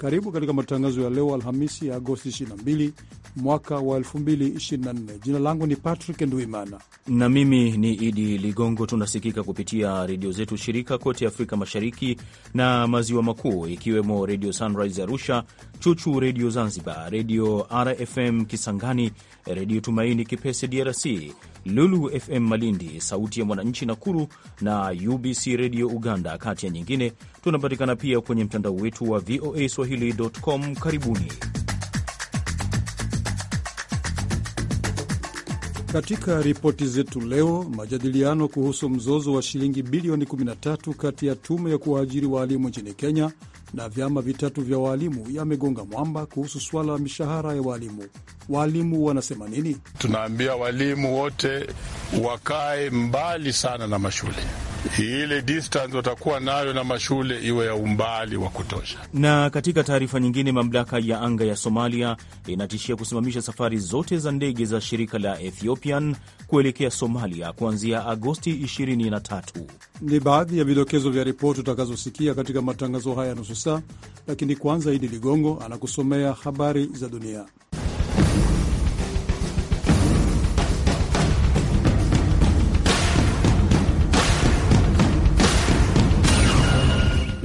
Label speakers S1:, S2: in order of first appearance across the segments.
S1: Karibu katika matangazo ya leo Alhamisi, ya Agosti mwaka wa 2024. Jina langu ni Patrick Nduimana
S2: na mimi ni Idi Ligongo. Tunasikika kupitia redio zetu shirika kote Afrika Mashariki na Maziwa Makuu, ikiwemo Redio Sunrise Arusha, Chuchu Redio Zanzibar, Redio RFM Kisangani, Redio Tumaini Kipese DRC, Lulu FM Malindi, Sauti ya Mwananchi Nakuru na UBC Redio Uganda, kati ya nyingine. Tunapatikana pia kwenye mtandao wetu wa VOA swahili.com. Karibuni.
S1: Katika ripoti zetu leo, majadiliano kuhusu mzozo wa shilingi bilioni 13 kati ya tume ya kuwaajiri waalimu nchini Kenya na vyama vitatu vya waalimu yamegonga mwamba kuhusu swala la mishahara ya waalimu. Waalimu wanasema nini?
S3: Tunaambia waalimu wote wakae mbali sana na mashule ile distance watakuwa nayo na mashule iwe ya umbali wa kutosha.
S2: Na katika taarifa nyingine, mamlaka ya anga ya Somalia inatishia kusimamisha safari zote za ndege za shirika la Ethiopian kuelekea Somalia kuanzia Agosti 23.
S1: Ni baadhi ya vidokezo vya ripoti utakazosikia katika matangazo haya nusu saa, lakini kwanza, Idi Ligongo anakusomea habari za dunia.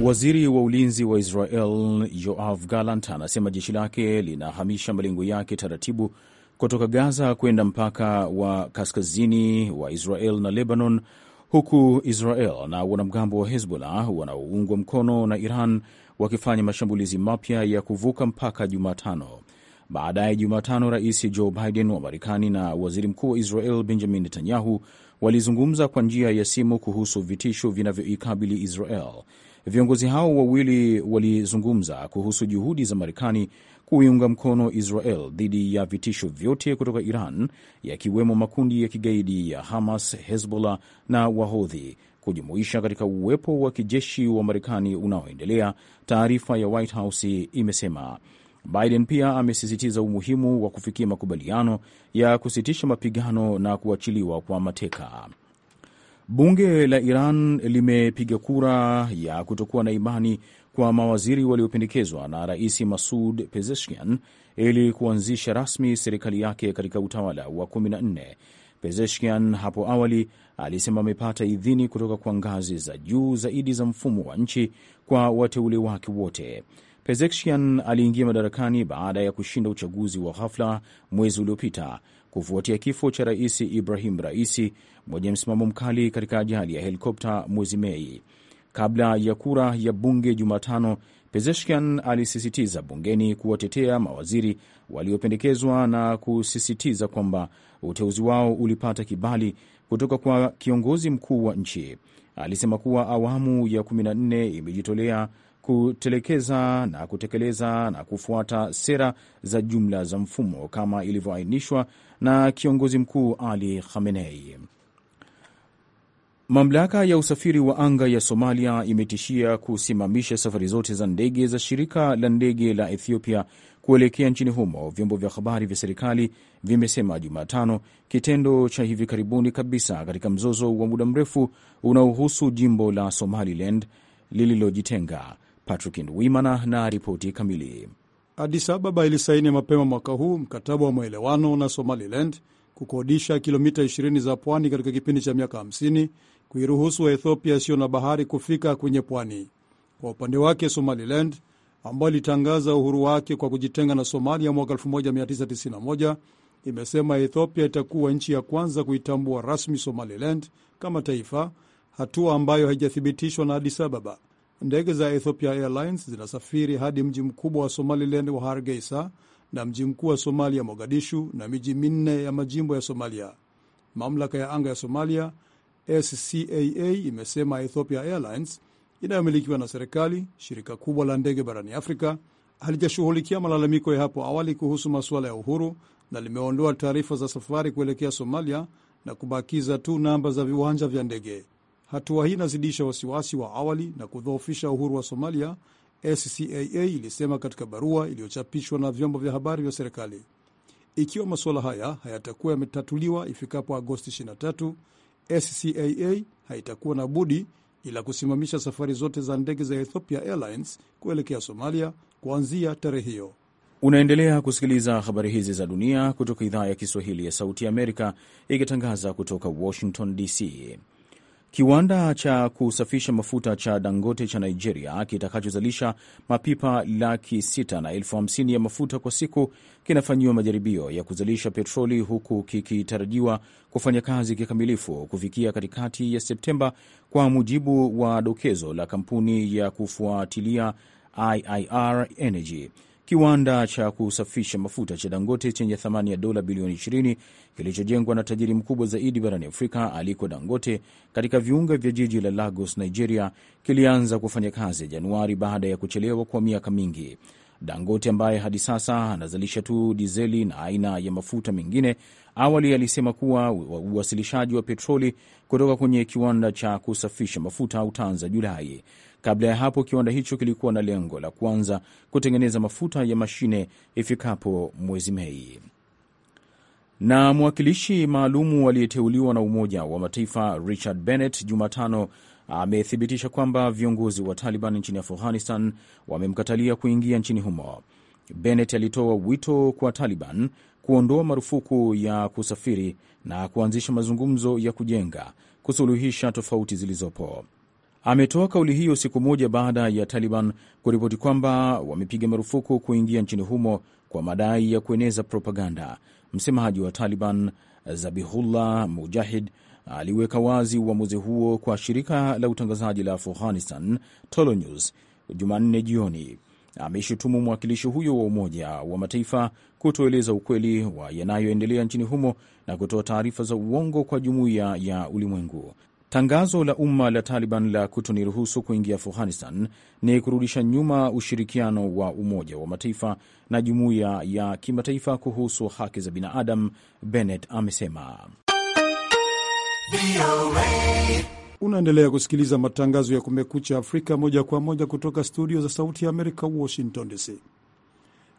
S2: Waziri wa ulinzi wa Israel Yoav Gallant anasema jeshi lake linahamisha malengo yake taratibu kutoka Gaza kwenda mpaka wa kaskazini wa Israel na Lebanon, huku Israel na wanamgambo wa Hezbollah wanaoungwa mkono na Iran wakifanya mashambulizi mapya ya kuvuka mpaka Jumatano. Baadaye Jumatano, Rais Joe Biden wa Marekani na waziri mkuu wa Israel Benjamin Netanyahu walizungumza kwa njia ya simu kuhusu vitisho vinavyoikabili Israel. Viongozi hao wawili walizungumza kuhusu juhudi za Marekani kuiunga mkono Israel dhidi ya vitisho vyote kutoka Iran, yakiwemo makundi ya kigaidi ya Hamas, Hezbollah na Wahodhi kujumuisha katika uwepo wa kijeshi wa Marekani unaoendelea, taarifa ya White House imesema. Biden pia amesisitiza umuhimu wa kufikia makubaliano ya kusitisha mapigano na kuachiliwa kwa mateka. Bunge la Iran limepiga kura ya kutokuwa na imani kwa mawaziri waliopendekezwa na Rais Masud Pezeshkian ili kuanzisha rasmi serikali yake katika utawala wa 14. Pezeshkian hapo awali alisema amepata idhini kutoka kwa ngazi za juu zaidi za mfumo wa nchi kwa wateule wake wote. Pezeshkian aliingia madarakani baada ya kushinda uchaguzi wa ghafla mwezi uliopita kufuatia kifo cha Rais Ibrahim Raisi mwenye msimamo mkali katika ajali ya helikopta mwezi Mei. Kabla ya kura ya bunge Jumatano, Pezeshkian alisisitiza bungeni kuwatetea mawaziri waliopendekezwa na kusisitiza kwamba uteuzi wao ulipata kibali kutoka kwa kiongozi mkuu wa nchi. Alisema kuwa awamu ya 14 imejitolea kutelekeza na kutekeleza na kufuata sera za jumla za mfumo kama ilivyoainishwa na kiongozi mkuu Ali Khamenei. Mamlaka ya usafiri wa anga ya Somalia imetishia kusimamisha safari zote za ndege za shirika la ndege la Ethiopia kuelekea nchini humo, vyombo vya habari vya serikali vimesema Jumatano, kitendo cha hivi karibuni kabisa katika mzozo wa muda mrefu unaohusu jimbo la Somaliland lililojitenga. Patrick Ndwimana na ripoti kamili.
S1: Addis Ababa ilisaini mapema mwaka huu mkataba wa maelewano na Somaliland kukodisha kilomita 20 za pwani katika kipindi cha miaka 50 kuiruhusu waethiopia Ethiopia isiyo na bahari kufika kwenye pwani. Kwa upande wake, Somaliland ambayo ilitangaza uhuru wake kwa kujitenga na Somalia mwaka 1991 imesema Ethiopia itakuwa nchi ya kwanza kuitambua rasmi Somaliland kama taifa, hatua ambayo haijathibitishwa na Addis Ababa. Ndege za Ethiopia Airlines zinasafiri hadi mji mkubwa wa Somaliland wa Hargeisa na mji mkuu wa Somalia Mogadishu na miji minne ya majimbo ya Somalia. Mamlaka ya anga ya Somalia SCAA imesema Ethiopia Airlines inayomilikiwa na serikali, shirika kubwa la ndege barani Afrika, halijashughulikia malalamiko ya hapo awali kuhusu masuala ya uhuru na limeondoa taarifa za safari kuelekea Somalia na kubakiza tu namba za viwanja vya ndege. Hatua hii inazidisha wasiwasi wa awali na kudhoofisha uhuru wa Somalia, SCAA ilisema katika barua iliyochapishwa na vyombo vya habari vya serikali. Ikiwa masuala haya hayatakuwa yametatuliwa ifikapo Agosti 23, SCAA haitakuwa na budi ila kusimamisha safari zote za ndege za Ethiopia Airlines kuelekea Somalia kuanzia tarehe hiyo.
S2: Unaendelea kusikiliza habari hizi za dunia kutoka idhaa ya Kiswahili ya Sauti ya Amerika, ikitangaza kutoka Washington DC. Kiwanda cha kusafisha mafuta cha Dangote cha Nigeria kitakachozalisha mapipa laki sita na elfu hamsini ya mafuta kwa siku kinafanyiwa majaribio ya kuzalisha petroli huku kikitarajiwa kufanya kazi kikamilifu kufikia katikati ya Septemba, kwa mujibu wa dokezo la kampuni ya kufuatilia IIR Energy. Kiwanda cha kusafisha mafuta cha Dangote chenye thamani ya dola bilioni 20 kilichojengwa na tajiri mkubwa zaidi barani Afrika aliko Dangote katika viunga vya jiji la Lagos, Nigeria, kilianza kufanya kazi Januari baada ya kuchelewa kwa miaka mingi. Dangote ambaye hadi sasa anazalisha tu dizeli na aina ya mafuta mengine, awali alisema kuwa uwasilishaji wa petroli kutoka kwenye kiwanda cha kusafisha mafuta utaanza Julai. Kabla ya hapo, kiwanda hicho kilikuwa na lengo la kuanza kutengeneza mafuta ya mashine ifikapo mwezi Mei. Na mwakilishi maalumu aliyeteuliwa na Umoja wa Mataifa Richard Bennett Jumatano amethibitisha kwamba viongozi wa Taliban nchini Afghanistan wamemkatalia kuingia nchini humo. Bennett alitoa wito kwa Taliban kuondoa marufuku ya kusafiri na kuanzisha mazungumzo ya kujenga kusuluhisha tofauti zilizopo. Ametoa kauli hiyo siku moja baada ya Taliban kuripoti kwamba wamepiga marufuku kuingia nchini humo kwa madai ya kueneza propaganda. Msemaji wa Taliban Zabihullah Mujahid aliweka wazi uamuzi huo kwa shirika la utangazaji la Afghanistan Tolonews Jumanne jioni. Ameshutumu mwakilishi huyo wa Umoja wa Mataifa kutoeleza ukweli wa yanayoendelea nchini humo na kutoa taarifa za uongo kwa jumuiya ya ulimwengu. Tangazo la umma la Taliban la kutoniruhusu kuingia Afghanistan ni kurudisha nyuma ushirikiano wa Umoja wa Mataifa na jumuiya ya kimataifa kuhusu haki za binadamu, Bennett amesema. Unaendelea kusikiliza
S1: matangazo ya Kumekucha Afrika moja kwa moja kutoka studio za Sauti ya Amerika, Washington DC.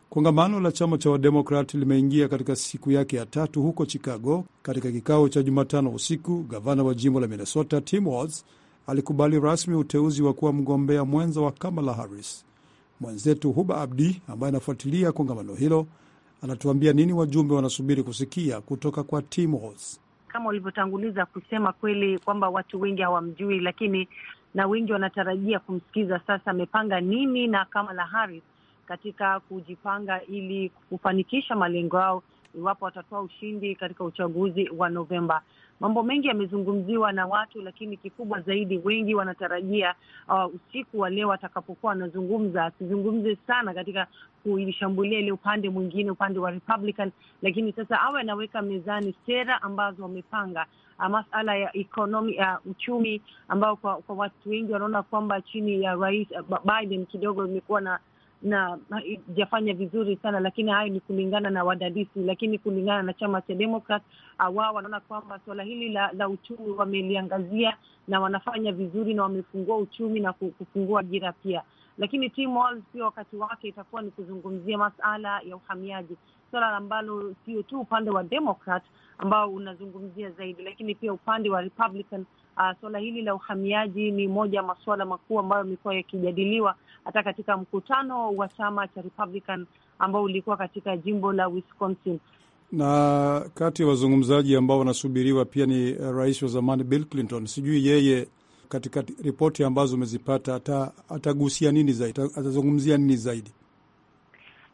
S1: Kongamano la chama cha Wademokrat limeingia katika siku yake ya tatu huko Chicago. Katika kikao cha Jumatano usiku, gavana wa jimbo la Minnesota Tim Walz alikubali rasmi uteuzi wa kuwa mgombea mwenza wa Kamala Harris. Mwenzetu Huba Abdi ambaye anafuatilia kongamano hilo anatuambia nini wajumbe wanasubiri kusikia kutoka kwa Tim Walz.
S4: Kama ulivyotanguliza kusema kweli kwamba watu wengi hawamjui, lakini na wengi wanatarajia kumsikiza sasa amepanga nini na Kamala Harris katika kujipanga ili kufanikisha malengo yao iwapo watatoa ushindi katika uchaguzi wa Novemba. Mambo mengi yamezungumziwa na watu, lakini kikubwa zaidi, wengi wanatarajia uh, usiku wa leo watakapokuwa wanazungumza asizungumze sana katika kuishambulia ile upande mwingine, upande wa Republican, lakini sasa awe anaweka mezani sera ambazo wamepanga uh, masala ya ekonomi ya uh, uchumi, ambao kwa, kwa watu wengi wanaona kwamba chini ya rais uh, Biden kidogo imekuwa na na ijafanya vizuri sana, lakini hayo ni kulingana na wadadisi. Lakini kulingana na chama cha Demokrat, ah, wao wanaona kwamba suala hili la, la uchumi wameliangazia na wanafanya vizuri na wamefungua uchumi na kufungua ajira pia. Lakini Tim Walz pia wakati wake itakuwa ni kuzungumzia masala ya uhamiaji, suala ambalo sio tu upande wa Demokrat ambao unazungumzia zaidi, lakini pia upande wa Republican Uh, suala hili la uhamiaji ni moja ya masuala makuu ambayo yamekuwa yakijadiliwa hata katika mkutano wa chama cha Republican ambao ulikuwa katika jimbo la Wisconsin.
S1: Na kati ya wazungumzaji ambao wanasubiriwa pia ni eh, rais wa zamani Bill Clinton. Sijui yeye katika ripoti ambazo umezipata atagusia nini zaidi, atazungumzia nini zaidi?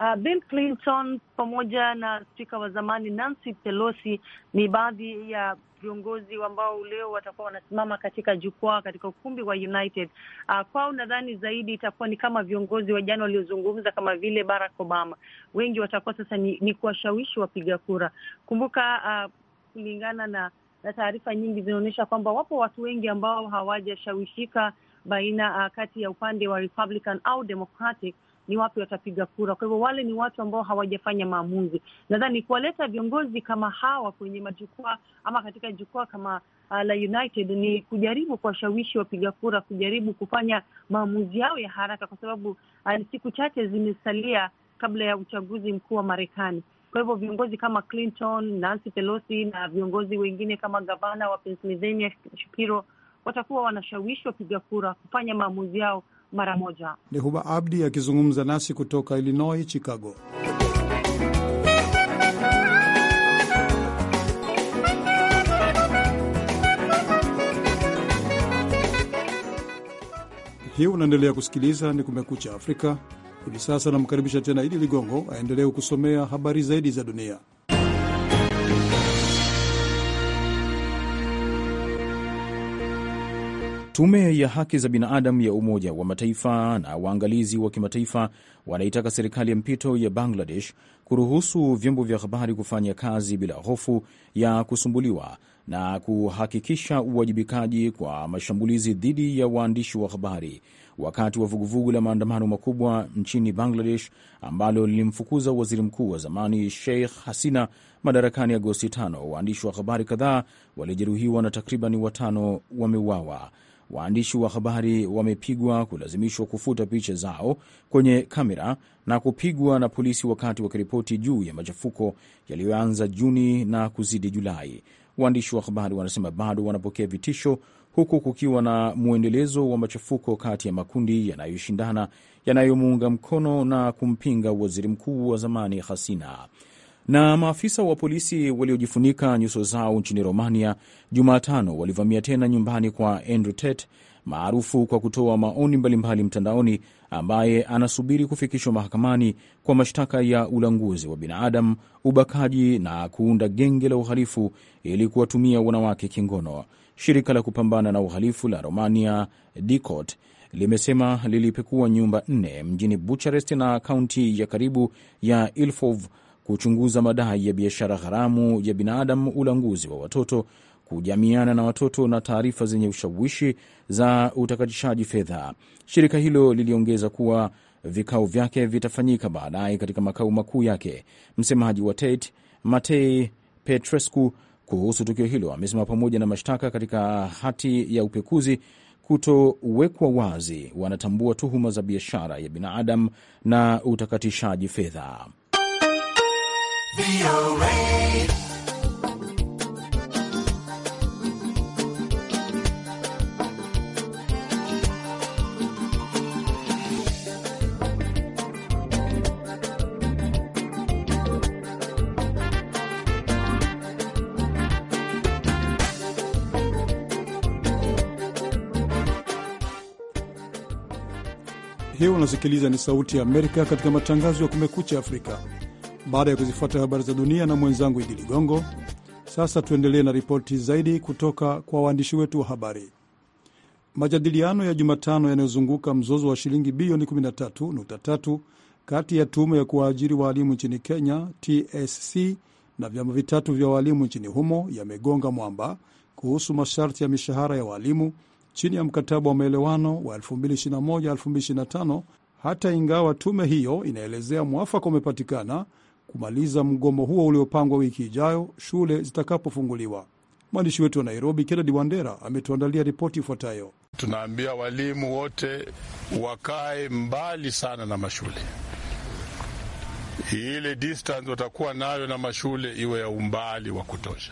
S4: Uh, Bill Clinton pamoja na spika wa zamani Nancy Pelosi ni baadhi ya viongozi ambao leo watakuwa wanasimama katika jukwaa katika ukumbi wa United. Uh, kwao nadhani zaidi itakuwa ni kama viongozi wa jana waliozungumza kama vile Barack Obama. Wengi watakuwa sasa ni, ni kuwashawishi wapiga kura. Kumbuka uh, kulingana na, na taarifa nyingi zinaonyesha kwamba wapo watu wengi ambao hawajashawishika baina uh, kati ya upande wa Republican au Democratic ni wapi watapiga kura. Kwa hivyo wale ni watu ambao hawajafanya maamuzi. Nadhani kuwaleta viongozi kama hawa kwenye majukwaa ama katika jukwaa kama uh, la United ni kujaribu kuwashawishi wapiga kura, kujaribu kufanya maamuzi yao ya haraka, kwa sababu uh, siku chache zimesalia kabla ya uchaguzi mkuu wa Marekani. Kwa hivyo viongozi kama Clinton, Nancy Pelosi na viongozi wengine kama gavana wa Pennsylvania Shapiro watakuwa wanashawishi wapiga kura kufanya maamuzi yao mara moja.
S1: Ni Huba Abdi akizungumza nasi kutoka Illinois, Chicago. Hii unaendelea kusikiliza ni Kumekucha Afrika. Hivi sasa namkaribisha tena Idi Ligongo aendelee kusomea habari zaidi za dunia.
S2: Tume ya Haki za Binadamu ya Umoja wa Mataifa na waangalizi wa kimataifa wanaitaka serikali ya mpito ya Bangladesh kuruhusu vyombo vya habari kufanya kazi bila hofu ya kusumbuliwa na kuhakikisha uwajibikaji kwa mashambulizi dhidi ya waandishi wa habari wakati wa vuguvugu la maandamano makubwa nchini Bangladesh ambalo lilimfukuza waziri mkuu wa zamani Sheikh Hasina madarakani Agosti 5. Waandishi wa habari kadhaa walijeruhiwa na takriban watano wameuawa. Waandishi wa habari wamepigwa, kulazimishwa kufuta picha zao kwenye kamera na kupigwa na polisi wakati wakiripoti juu ya machafuko yaliyoanza Juni na kuzidi Julai. Waandishi wa habari wanasema bado wanapokea vitisho huku kukiwa na mwendelezo wa machafuko kati ya makundi yanayoshindana yanayomuunga mkono na kumpinga waziri mkuu wa zamani Hasina. Na maafisa wa polisi waliojifunika nyuso zao nchini Romania Jumatano walivamia tena nyumbani kwa Andrew Tate maarufu kwa kutoa maoni mbalimbali mtandaoni, ambaye anasubiri kufikishwa mahakamani kwa mashtaka ya ulanguzi wa binadamu, ubakaji na kuunda genge la uhalifu ili kuwatumia wanawake kingono. Shirika la kupambana na uhalifu la Romania DICOT limesema lilipekua nyumba nne mjini Bucharest na kaunti ya karibu ya Ilfov kuchunguza madai ya biashara haramu ya binadamu, ulanguzi wa watoto, kujamiana na watoto na taarifa zenye ushawishi za utakatishaji fedha. Shirika hilo liliongeza kuwa vikao vyake vitafanyika baadaye katika makao makuu yake. Msemaji wa Tate Matei Petrescu kuhusu tukio hilo amesema pamoja na mashtaka katika hati ya upekuzi kutowekwa wazi, wanatambua tuhuma za biashara ya binadamu na utakatishaji fedha.
S1: Hiyo unasikiliza ni Sauti ya Amerika katika matangazo ya Kumekucha Afrika. Baada ya kuzifuata habari za dunia na mwenzangu Idi Ligongo, sasa tuendelee na ripoti zaidi kutoka kwa waandishi wetu wa habari. Majadiliano ya Jumatano yanayozunguka mzozo wa shilingi bilioni 13.3 kati ya tume ya kuwaajiri waalimu nchini Kenya TSC na vyama vitatu vya waalimu nchini humo yamegonga mwamba kuhusu masharti ya mishahara ya waalimu chini ya mkataba wa maelewano wa 2021-2025 hata ingawa tume hiyo inaelezea mwafaka umepatikana kumaliza mgomo huo uliopangwa wiki ijayo shule zitakapofunguliwa. Mwandishi wetu wa Nairobi, Kennedy Wandera, ametuandalia ripoti ifuatayo.
S3: Tunaambia walimu wote wakae mbali sana na mashule, ile distance watakuwa nayo na mashule iwe ya umbali wa kutosha.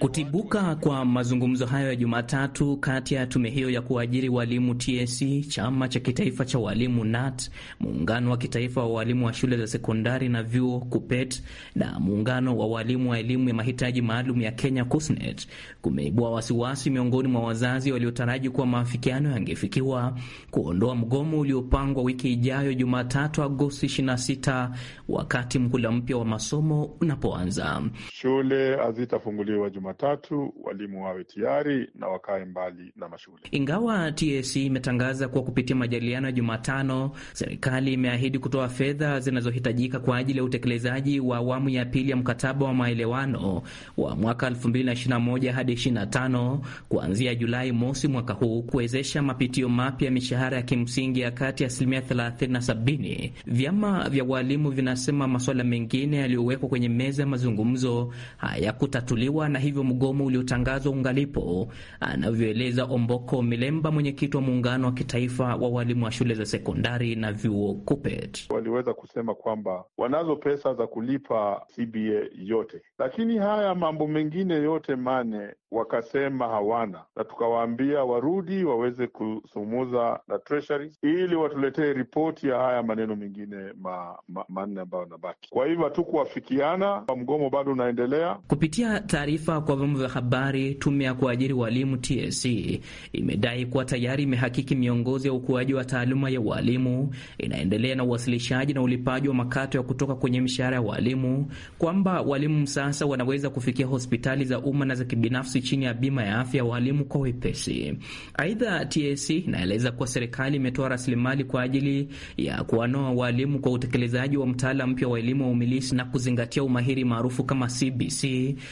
S5: Kutibuka kwa mazungumzo hayo ya Jumatatu kati ya tume hiyo ya kuajiri walimu TSC, chama cha kitaifa cha walimu NAT, muungano wa kitaifa wa walimu wa shule za sekondari na vyuo KUPET na muungano wa walimu wa elimu ya mahitaji maalum ya Kenya KUSNET kumeibua wasiwasi miongoni mwa wazazi waliotaraji kuwa maafikiano yangefikiwa kuondoa mgomo uliopangwa wiki ijayo Jumatatu Agosti 26 wakati mhula mpya wa masomo unapoanza. Shule hazitafunguliwa Jumatatu. Jumatatu walimu wawe tayari na wakae mbali na mashule. Ingawa TSC imetangaza kuwa kupitia majadiliano ya Jumatano, serikali imeahidi kutoa fedha zinazohitajika kwa ajili ya utekelezaji wa awamu ya pili ya mkataba wa maelewano wa mwaka 2021 hadi 25 kuanzia Julai mosi mwaka huu kuwezesha mapitio mapya ya mishahara ya kimsingi ya kati ya asilimia 30 na 70. Vyama vya walimu vinasema masuala mengine yaliyowekwa kwenye meza ya mazungumzo hayakutatuliwa na hivyo hivyo mgomo uliotangazwa ungalipo, anavyoeleza Omboko Milemba, mwenyekiti wa muungano wa kitaifa wa walimu wa shule za sekondari na vyuo KUPET. Waliweza kusema kwamba wanazo pesa za kulipa CBA yote, lakini haya mambo mengine yote mane wakasema hawana, na tukawaambia warudi waweze kusumuza na treasury ili watuletee ripoti ya haya maneno mengine ma, ma, manne ambayo yanabaki. Kwa hivyo hatukuwafikiana, mgomo bado unaendelea. Kupitia taarifa kwa vyombo vya habari, tume ya kuajiri walimu TSC e imedai kuwa tayari imehakiki miongozo ya ukuaji wa taaluma ya ualimu, inaendelea na uwasilishaji na ulipaji wa makato ya kutoka kwenye mishahara ya walimu, kwamba walimu sasa wanaweza kufikia hospitali za umma na za kibinafsi chini ya bima ya afya ya walimu kwa wepesi. Aidha, TSC inaeleza kuwa serikali imetoa rasilimali kwa ajili ya kuwanoa walimu kwa utekelezaji wa mtaala mpya wa elimu wa umilisi na kuzingatia umahiri maarufu kama CBC,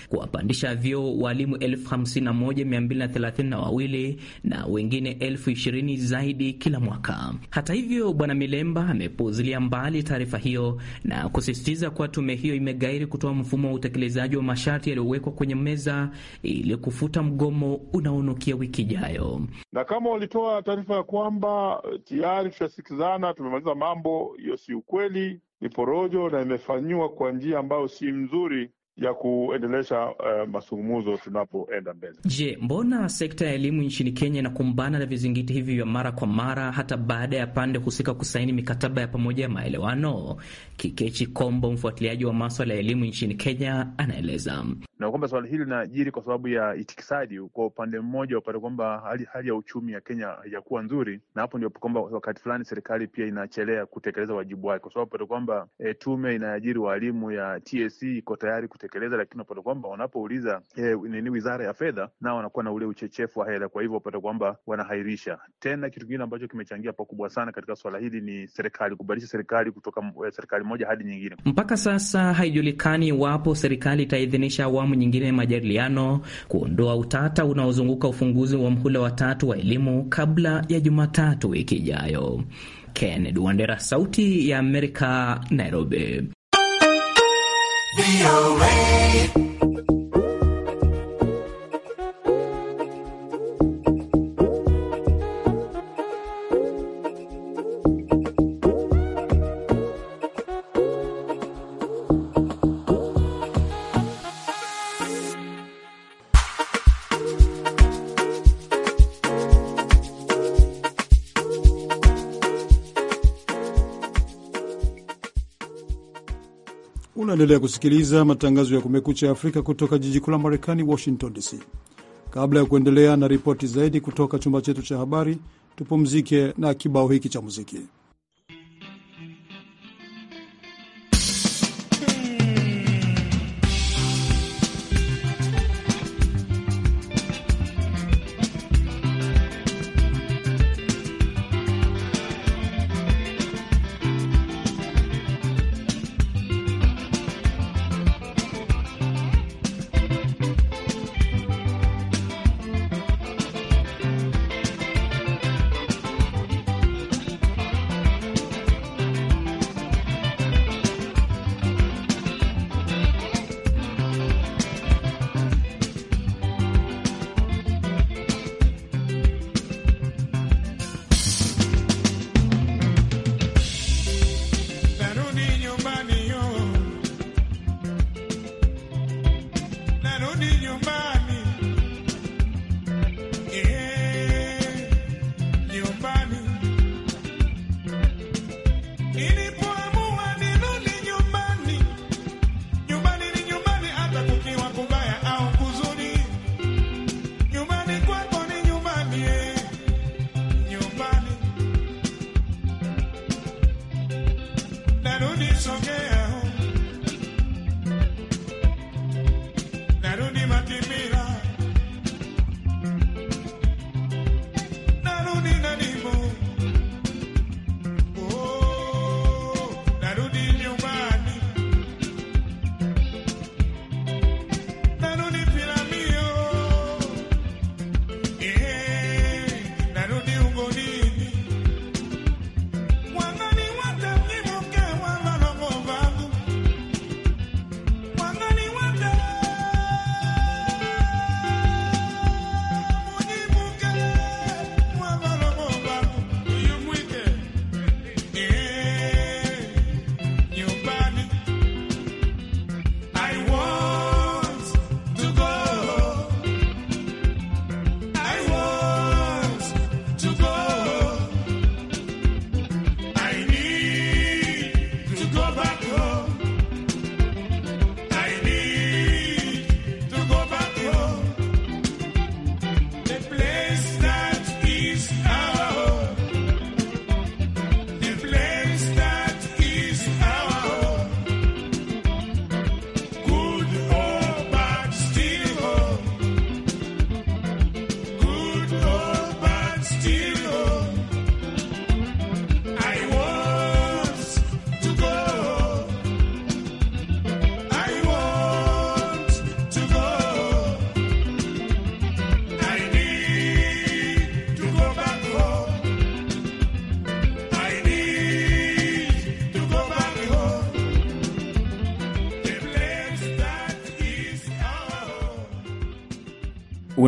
S5: kuwapandisha vyo walimu 51232 na wengine 20 zaidi kila mwaka. Hata hivyo, Bwana Milemba amepuuzilia mbali taarifa hiyo na kusisitiza kuwa tume hiyo imegairi kutoa mfumo wa utekelezaji wa masharti yaliyowekwa kwenye meza ili kufuta mgomo unaonukia wiki ijayo. Na kama walitoa taarifa ya kwamba eh, tayari tushasikizana, tumemaliza mambo, hiyo si ukweli, ni porojo na imefanyiwa kwa njia ambayo si mzuri ya kuendelesha uh, eh, masungumuzo tunapoenda mbele. Je, mbona sekta ya elimu nchini Kenya inakumbana na vizingiti hivi vya mara kwa mara hata baada ya pande husika kusaini mikataba ya pamoja ya maelewano? Kikechi Kombo, mfuatiliaji wa maswala ya elimu nchini Kenya, anaeleza
S3: na kwamba swala hili linajiri kwa sababu ya itikisadi kwa upande mmoja, upate kwamba hali, hali ya uchumi ya Kenya haijakuwa nzuri, na hapo ndio kwamba wakati fulani serikali pia inachelea kutekeleza wajibu wake, kwa sababu upate kwamba eh, e, tume inaajiri waalimu ya TSC iko tayari kute kutekeleza, lakini unapata kwamba wanapouliza eh, nini wizara ya fedha, nao wanakuwa na ule uchechefu wa hela, kwa hivyo unapata kwamba wanahairisha tena. Kitu kingine ambacho kimechangia pakubwa sana katika swala hili ni serikali kubadilisha serikali kutoka eh, serikali
S5: moja hadi nyingine. Mpaka sasa haijulikani iwapo serikali itaidhinisha awamu nyingine ya majadiliano kuondoa utata unaozunguka ufunguzi wa mhula wa tatu wa elimu kabla ya Jumatatu wiki ijayo. Kennedy Wandera, Sauti ya Amerika, Nairobi.
S6: Be away.
S1: Unaendelea kusikiliza matangazo ya Kumekucha Afrika kutoka jiji kuu la Marekani, Washington DC. Kabla ya kuendelea na ripoti zaidi kutoka chumba chetu cha habari, tupumzike na kibao hiki cha muziki.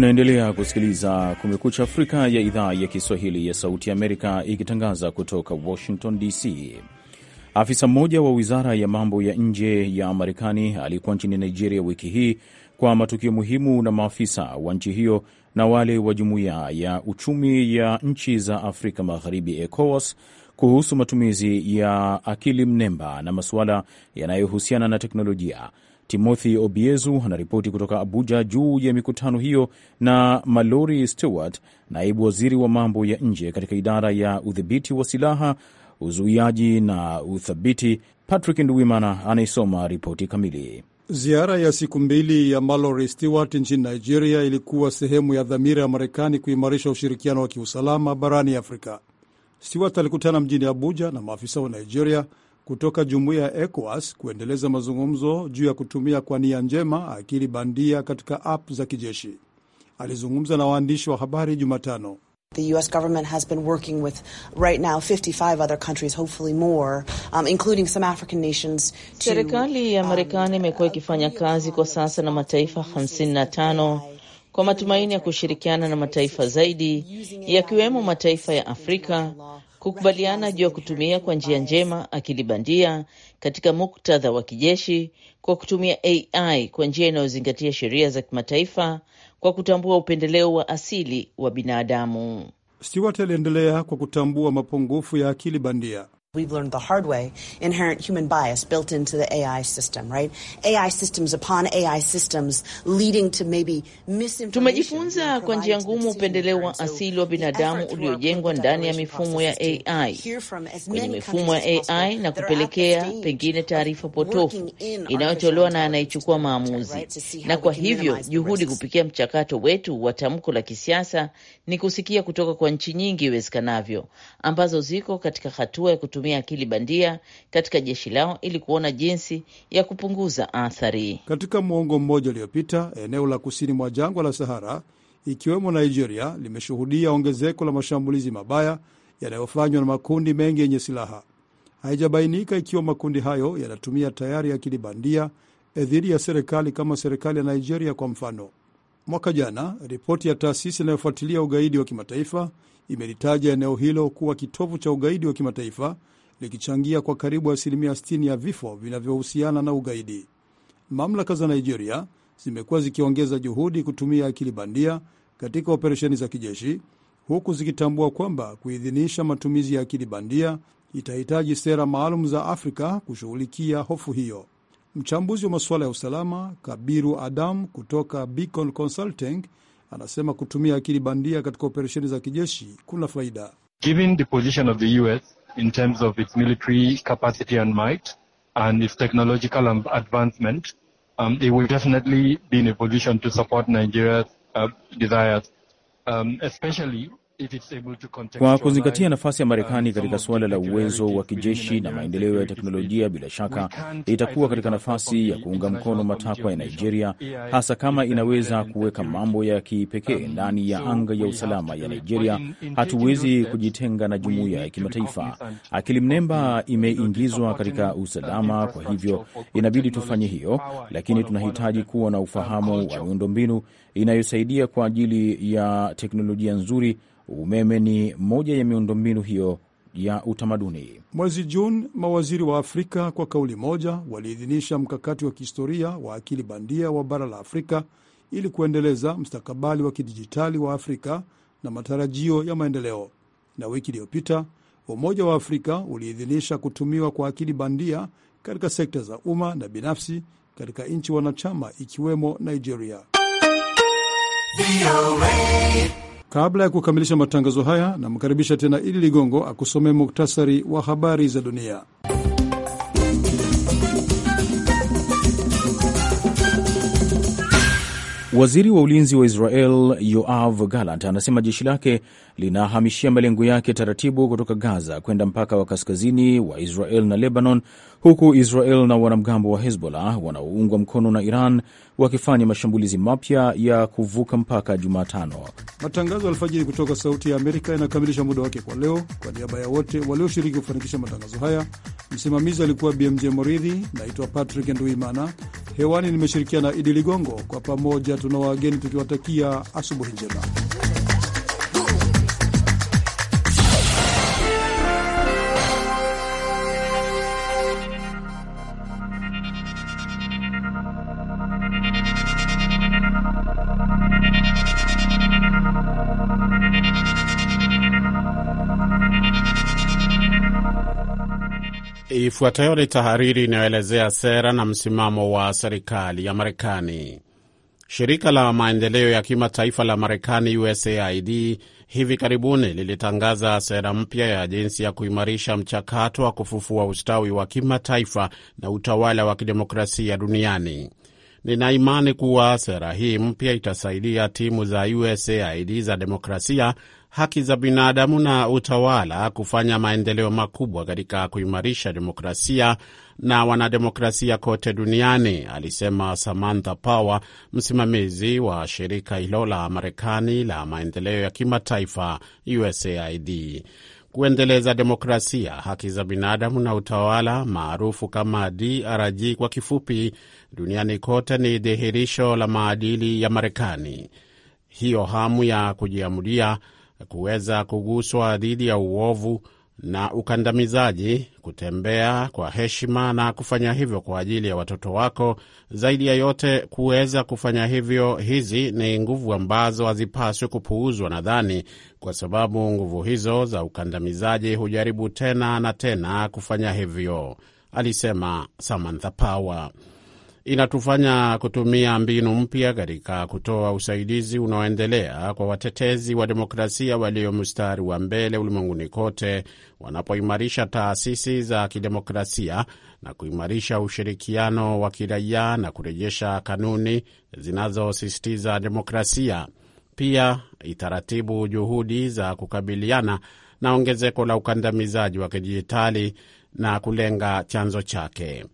S2: Unaendelea kusikiliza Kumekucha Afrika ya idhaa ya Kiswahili ya Sauti ya Amerika ikitangaza kutoka Washington DC. Afisa mmoja wa wizara ya mambo ya nje ya Marekani alikuwa nchini Nigeria wiki hii kwa matukio muhimu na maafisa wa nchi hiyo na wale wa Jumuiya ya Uchumi ya Nchi za Afrika Magharibi, ECOWAS, kuhusu matumizi ya akili mnemba na masuala yanayohusiana na teknolojia. Timothy Obiezu anaripoti kutoka Abuja juu ya mikutano hiyo na Malori Stewart, naibu waziri wa mambo ya nje katika idara ya udhibiti wa silaha, uzuiaji na uthabiti. Patrick Nduwimana anaisoma ripoti kamili.
S1: Ziara ya siku mbili ya Malory Stewart nchini Nigeria ilikuwa sehemu ya dhamira ya Marekani kuimarisha ushirikiano wa kiusalama barani Afrika. Stewart alikutana mjini Abuja na maafisa wa Nigeria kutoka jumuiya ya ECOWAS kuendeleza mazungumzo juu ya kutumia kwa nia njema akili bandia katika app
S7: za kijeshi. Alizungumza na waandishi wa habari Jumatano. The US government has been working with right now 55 other countries, hopefully more, um, including some African nations to, serikali ya Marekani imekuwa um, ikifanya kazi kwa sasa na mataifa 55 kwa matumaini ya kushirikiana na mataifa zaidi yakiwemo mataifa ya Afrika kukubaliana juu ya kutumia kwa njia njema akili bandia katika muktadha wa kijeshi kwa kutumia AI kwa njia inayozingatia sheria za kimataifa kwa kutambua upendeleo wa asili wa binadamu. Stewart aliendelea
S1: kwa kutambua mapungufu ya akili bandia
S7: we've learned the hard way inherent human bias built into the AI system, right? AI systems upon AI systems leading to maybe misinformation. Tumejifunza kwa njia ngumu upendeleo wa asili wa binadamu uliojengwa ndani ya mifumo ya AI
S6: kwenye mifumo ya
S7: AI na kupelekea pengine taarifa potofu
S6: inayotolewa
S7: na anayechukua maamuzi right, na kwa hivyo juhudi kupitia mchakato wetu wa tamko la kisiasa ni kusikia kutoka kwa nchi nyingi iwezekanavyo ambazo ziko katika hatua ya kutu kutumia akili bandia katika jeshi lao ili kuona jinsi ya kupunguza athari. Katika mwongo mmoja uliopita, eneo la kusini
S1: mwa jangwa la Sahara, ikiwemo Nigeria, limeshuhudia ongezeko la mashambulizi mabaya yanayofanywa na makundi mengi yenye silaha. Haijabainika ikiwa makundi hayo yanatumia tayari akili bandia eh, dhidi ya serikali kama serikali ya Nigeria kwa mfano. Mwaka jana ripoti ya taasisi inayofuatilia ugaidi wa kimataifa imelitaja eneo hilo kuwa kitovu cha ugaidi wa kimataifa likichangia kwa karibu asilimia 60 ya vifo vinavyohusiana na ugaidi. Mamlaka za Nigeria zimekuwa zikiongeza juhudi kutumia akili bandia katika operesheni za kijeshi, huku zikitambua kwamba kuidhinisha matumizi ya akili bandia itahitaji sera maalum za Afrika kushughulikia hofu hiyo. Mchambuzi wa masuala ya usalama Kabiru Adam kutoka Beacon Consulting anasema kutumia akili bandia katika operesheni za kijeshi kuna faida. Given the position of the US in terms of its military capacity and might and its technological advancement, um, it will definitely be in a position to support
S2: Nigeria's uh, desires, um,
S1: especially kwa kuzingatia nafasi ya uh, Marekani katika
S2: suala la uwezo wa kijeshi na maendeleo ya teknolojia, bila shaka itakuwa katika nafasi ya kuunga mkono matakwa ya Nigeria, hasa kama inaweza kuweka mambo ya kipekee um, ndani ya anga ya usalama ya Nigeria. Hatuwezi kujitenga na jumuiya ya kimataifa. Akili mnemba imeingizwa katika usalama, kwa hivyo inabidi tufanye hiyo, lakini tunahitaji kuwa na ufahamu wa miundombinu inayosaidia kwa ajili ya teknolojia nzuri Umeme ni moja ya miundombinu hiyo ya utamaduni.
S1: Mwezi Juni, mawaziri wa Afrika kwa kauli moja waliidhinisha mkakati wa kihistoria wa akili bandia wa bara la Afrika ili kuendeleza mstakabali wa kidijitali wa Afrika na matarajio ya maendeleo. Na wiki iliyopita Umoja wa Afrika uliidhinisha kutumiwa kwa akili bandia katika sekta za umma na binafsi katika nchi wanachama ikiwemo Nigeria. Kabla ya kukamilisha matangazo haya, namkaribisha tena Idi Ligongo akusomee muktasari wa habari za dunia.
S2: Waziri wa ulinzi wa Israel Yoav Gallant anasema jeshi lake linahamishia malengo yake taratibu kutoka Gaza kwenda mpaka wa kaskazini wa Israel na Lebanon, huku Israel na wanamgambo wa Hezbollah wanaoungwa mkono na Iran wakifanya mashambulizi mapya ya kuvuka mpaka Jumatano.
S1: Matangazo ya alfajiri kutoka Sauti ya Amerika yanakamilisha muda wake kwa leo. Kwa niaba ya wote walioshiriki kufanikisha matangazo haya, msimamizi alikuwa BMJ Moridhi. Naitwa Patrick Nduimana. Hewani nimeshirikiana Idi Ligongo. Kwa pamoja tuna wageni tukiwatakia asubuhi njema.
S3: Ifuatayo ni tahariri inayoelezea sera na msimamo wa serikali ya Marekani. Shirika la maendeleo ya kimataifa la Marekani, USAID, hivi karibuni lilitangaza sera mpya ya jinsi ya kuimarisha mchakato wa kufufua ustawi wa kimataifa na utawala wa kidemokrasia duniani. Nina imani kuwa sera hii mpya itasaidia timu za USAID za demokrasia haki za binadamu na utawala kufanya maendeleo makubwa katika kuimarisha demokrasia na wanademokrasia kote duniani, alisema Samantha Power, msimamizi wa shirika hilo la Marekani la maendeleo ya kimataifa USAID. Kuendeleza demokrasia, haki za binadamu na utawala maarufu kama DRG kwa kifupi, duniani kote ni dhihirisho la maadili ya Marekani. Hiyo hamu ya kujiamulia kuweza kuguswa dhidi ya uovu na ukandamizaji, kutembea kwa heshima na kufanya hivyo kwa ajili ya watoto wako. Zaidi ya yote, kuweza kufanya hivyo, hizi ni nguvu ambazo hazipaswi kupuuzwa, nadhani, kwa sababu nguvu hizo za ukandamizaji hujaribu tena na tena kufanya hivyo, alisema Samantha Power inatufanya kutumia mbinu mpya katika kutoa usaidizi unaoendelea kwa watetezi wa demokrasia walio mstari wa mbele ulimwenguni kote wanapoimarisha taasisi za kidemokrasia na kuimarisha ushirikiano wa kiraia na kurejesha kanuni zinazosisitiza demokrasia. Pia itaratibu juhudi za kukabiliana na ongezeko la ukandamizaji wa kidijitali na kulenga chanzo chake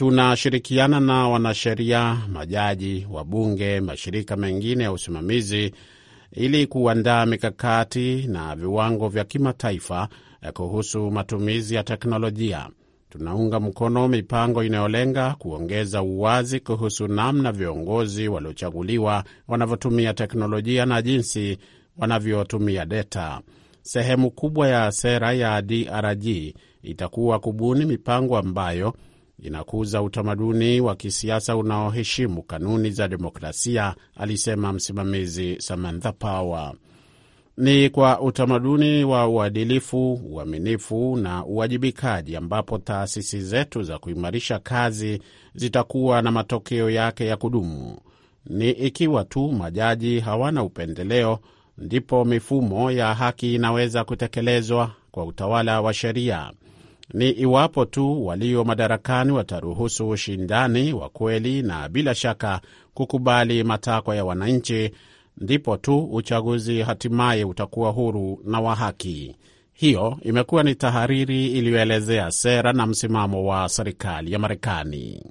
S3: tunashirikiana na wanasheria, majaji, wabunge, mashirika mengine ya usimamizi ili kuandaa mikakati na viwango vya kimataifa eh, kuhusu matumizi ya teknolojia. Tunaunga mkono mipango inayolenga kuongeza uwazi kuhusu namna viongozi waliochaguliwa wanavyotumia teknolojia na jinsi wanavyotumia data. Sehemu kubwa ya sera ya DRG itakuwa kubuni mipango ambayo inakuza utamaduni wa kisiasa unaoheshimu kanuni za demokrasia, alisema msimamizi Samantha Power. Ni kwa utamaduni wa uadilifu, uaminifu na uwajibikaji ambapo taasisi zetu za kuimarisha kazi zitakuwa na matokeo yake ya kudumu. Ni ikiwa tu majaji hawana upendeleo, ndipo mifumo ya haki inaweza kutekelezwa kwa utawala wa sheria ni iwapo tu walio madarakani wataruhusu ushindani wa kweli na bila shaka kukubali matakwa ya wananchi, ndipo tu uchaguzi hatimaye utakuwa huru na wa haki. Hiyo imekuwa ni tahariri iliyoelezea sera na msimamo wa serikali ya Marekani.